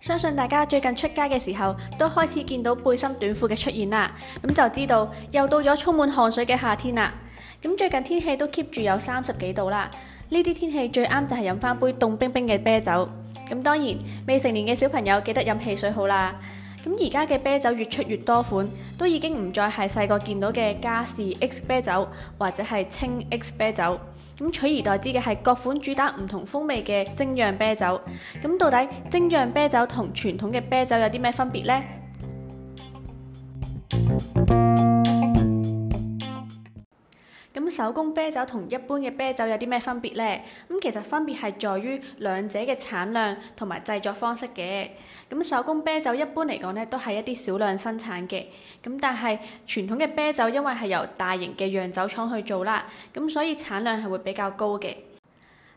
相信大家最近出街嘅時候，都開始見到背心短褲嘅出現啦。咁就知道又到咗充滿汗水嘅夏天啦。咁最近天氣都 keep 住有三十幾度啦。呢啲天氣最啱就係飲翻杯凍冰冰嘅啤酒。咁當然，未成年嘅小朋友記得飲汽水好啦。咁而家嘅啤酒越出越多款，都已經唔再係細個見到嘅嘉士 X 啤酒或者係青 X 啤酒，咁取而代之嘅係各款主打唔同風味嘅精釀啤酒。咁到底精釀啤酒同傳統嘅啤酒有啲咩分別呢？手工啤酒同一般嘅啤酒有啲咩分別呢？咁其實分別係在於兩者嘅產量同埋製作方式嘅。咁手工啤酒一般嚟講呢，都係一啲少量生產嘅。咁但係傳統嘅啤酒，因為係由大型嘅釀酒廠去做啦，咁所以產量係會比較高嘅。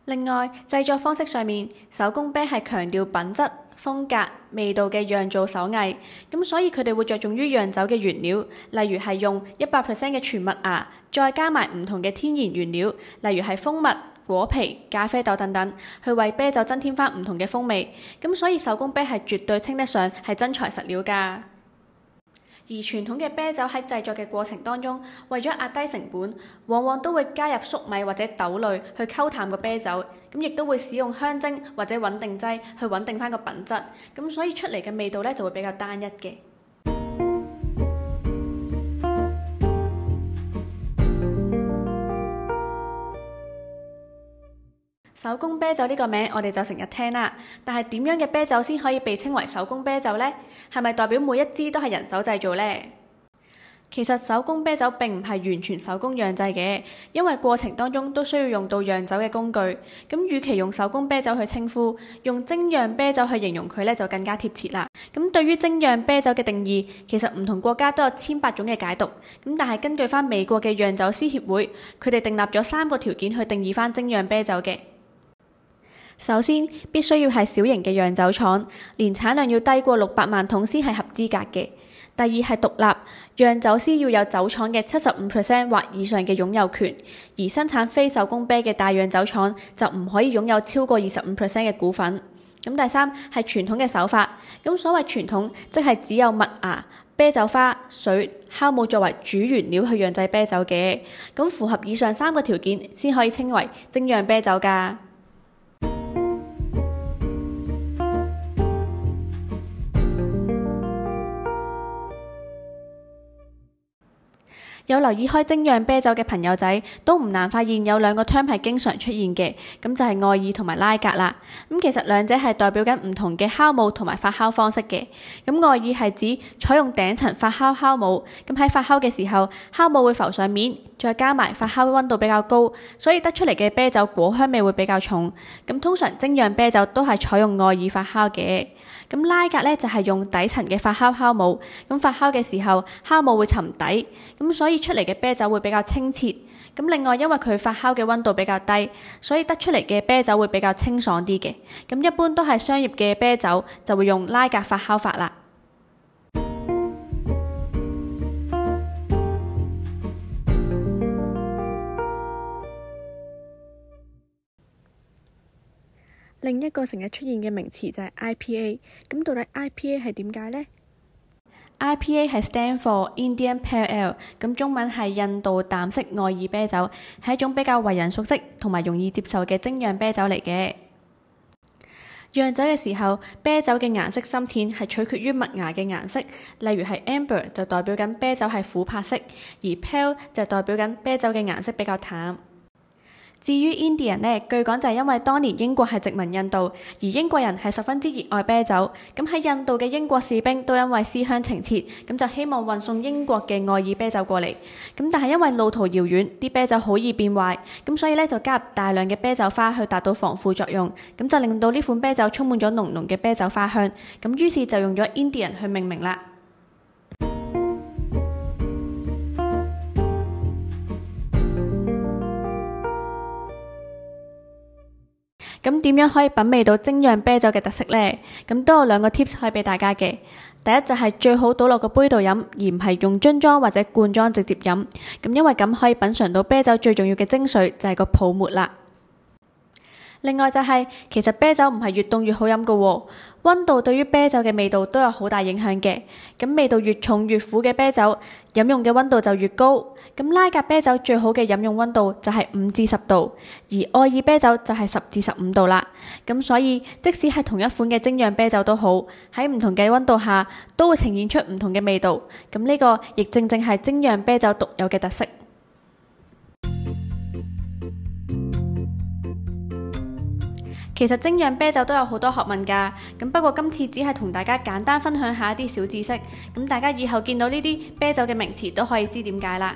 另外，製作方式上面，手工啤係強調品質、風格、味道嘅釀造手藝，咁所以佢哋會着重於釀酒嘅原料，例如係用一百 percent 嘅全麥芽，再加埋唔同嘅天然原料，例如係蜂蜜、果皮、咖啡豆等等，去為啤酒增添返唔同嘅風味，咁所以手工啤係絕對稱得上係真材實料㗎。而傳統嘅啤酒喺製作嘅過程當中，為咗壓低成本，往往都會加入粟米或者豆類去溝淡個啤酒，咁亦都會使用香精或者穩定劑去穩定翻個品質，咁所以出嚟嘅味道咧就會比較單一嘅。手工啤酒呢個名，我哋就成日聽啦。但係點樣嘅啤酒先可以被稱為手工啤酒呢？係咪代表每一支都係人手製造呢？其實手工啤酒並唔係完全手工釀製嘅，因為過程當中都需要用到釀酒嘅工具。咁，與其用手工啤酒去稱呼，用精釀啤酒去形容佢呢，就更加貼切啦。咁對於精釀啤酒嘅定義，其實唔同國家都有千百種嘅解讀。咁但係根據翻美國嘅釀酒師協會，佢哋訂立咗三個條件去定義翻精釀啤酒嘅。首先，必須要係小型嘅釀酒廠，年產量要低過六百萬桶先係合資格嘅。第二係獨立釀酒師要有酒廠嘅七十五 percent 或以上嘅擁有權，而生產非手工啤嘅大釀酒廠就唔可以擁有超過二十五 percent 嘅股份。咁第三係傳統嘅手法，咁所謂傳統即係只有麥芽、啤酒花、水、酵母作為主原料去釀製啤酒嘅。咁符合以上三個條件先可以稱為精釀啤酒噶。有留意開精釀啤酒嘅朋友仔，都唔難發現有兩個 term 係經常出現嘅，咁就係愛爾同埋拉格啦。咁其實兩者係代表緊唔同嘅酵母同埋發酵方式嘅。咁愛爾係指採用頂層發酵酵母，咁喺發酵嘅時候酵母會浮上面，再加埋發酵溫度比較高，所以得出嚟嘅啤酒果香味會比較重。咁通常精釀啤酒都係採用愛爾發酵嘅。咁拉格呢，就係、是、用底層嘅發酵酵母，咁發酵嘅時候酵母會沉底，咁所以，出嚟嘅啤酒會比較清澈，咁另外因為佢發酵嘅溫度比較低，所以得出嚟嘅啤酒會比較清爽啲嘅。咁一般都係商業嘅啤酒就會用拉格發酵法啦。另一個成日出現嘅名詞就係 IPA，咁到底 IPA 係點解呢？IPA 係 stand for Indian Pale Ale，咁中文係印度淡色愛爾啤酒，係一種比較為人熟悉同埋容易接受嘅精釀啤酒嚟嘅。釀酒嘅時候，啤酒嘅顏色深淺係取決於麥芽嘅顏色，例如係 amber 就代表緊啤酒係琥珀色，而 Pale 就代表緊啤酒嘅顏色比較淡。至於 Indian 呢，據講就係因為當年英國係殖民印度，而英國人係十分之熱愛啤酒。咁喺印度嘅英國士兵，都因為思鄉情切，咁就希望運送英國嘅愛爾啤酒過嚟。咁但係因為路途遙遠，啲啤酒好易變壞，咁所以咧就加入大量嘅啤酒花去達到防腐作用。咁就令到呢款啤酒充滿咗濃濃嘅啤酒花香。咁於是就用咗 Indian 去命名啦。咁點樣可以品味到精釀啤酒嘅特色呢？咁都有兩個 tips 可以俾大家嘅。第一就係最好倒落個杯度飲，而唔係用樽裝或者罐裝直接飲。咁因為咁可以品嚐到啤酒最重要嘅精髓，就係個泡沫啦。另外就係、是，其實啤酒唔係越凍越好飲噶、哦，溫度對於啤酒嘅味道都有好大影響嘅。咁味道越重越苦嘅啤酒，飲用嘅溫度就越高。咁拉格啤酒最好嘅飲用溫度就係五至十度，而愛爾啤酒就係十至十五度啦。咁所以即使係同一款嘅精釀啤酒都好，喺唔同嘅溫度下都會呈現出唔同嘅味道。咁呢個亦正正係精釀啤酒獨有嘅特色。其實精釀啤酒都有好多學問噶，咁不過今次只係同大家簡單分享下一啲小知識，咁大家以後見到呢啲啤酒嘅名詞都可以知點解啦。